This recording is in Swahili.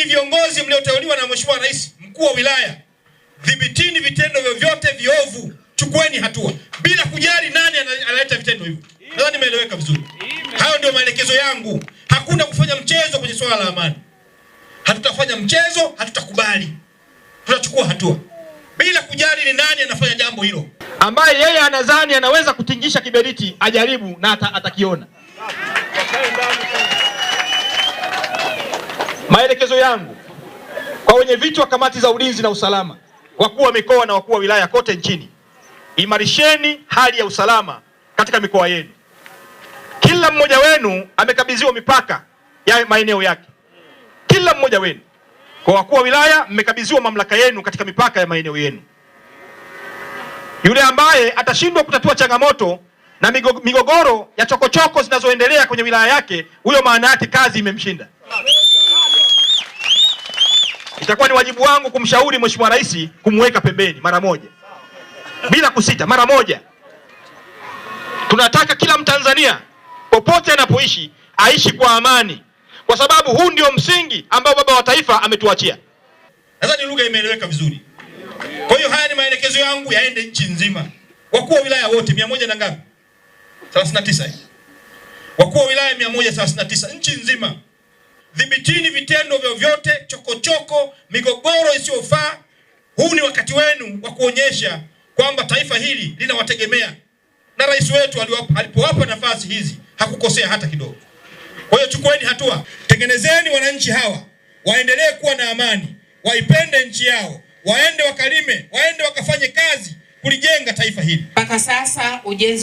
Ninyi viongozi mlioteuliwa na Mheshimiwa Rais, mkuu wa wilaya, dhibitini vitendo vyovyote viovu, chukueni hatua bila kujali nani analeta vitendo hivyo. Nadhani nimeeleweka vizuri. Hayo ndio maelekezo yangu. Hakuna kufanya mchezo kwenye swala la amani. Hatutafanya mchezo, hatutakubali. tutachukua hatua bila kujali ni nani anafanya jambo hilo. Ambaye yeye anadhani anaweza kutingisha kiberiti, ajaribu na atakiona ata Maelekezo yangu kwa wenyeviti wa kamati za ulinzi na usalama, wakuu wa mikoa na wakuu wa wilaya kote nchini, imarisheni hali ya usalama katika mikoa yenu. Kila mmoja wenu amekabidhiwa mipaka ya maeneo yake, kila mmoja wenu. Kwa wakuu wa wilaya, mmekabidhiwa mamlaka yenu katika mipaka ya maeneo yenu. Yule ambaye atashindwa kutatua changamoto na migogoro ya chokochoko zinazoendelea kwenye wilaya yake, huyo maana yake kazi imemshinda itakuwa ni wajibu wangu kumshauri Mheshimiwa Rais kumweka pembeni mara moja, bila kusita, mara moja. Tunataka kila Mtanzania popote anapoishi aishi kwa amani, kwa sababu huu ndio msingi ambao baba wa taifa ametuachia. Nadhani lugha imeeleweka vizuri. Kwa hiyo haya ni maelekezo yangu yaende nchi nzima, wakuu wa wilaya wote mia moja na ngapi? 39 wakuu wa wilaya 139 nchi nzima. Dhibitini vitendo vyovyote, chokochoko, migogoro isiyofaa. Huu ni wakati wenu wa kuonyesha kwamba taifa hili linawategemea, na rais wetu alipowapa nafasi hizi hakukosea hata kidogo. Kwa hiyo chukueni hatua, tengenezeni wananchi hawa waendelee kuwa na amani, waipende nchi yao, waende wakalime, waende wakafanye kazi kulijenga taifa hili. Mpaka sasa ujenzi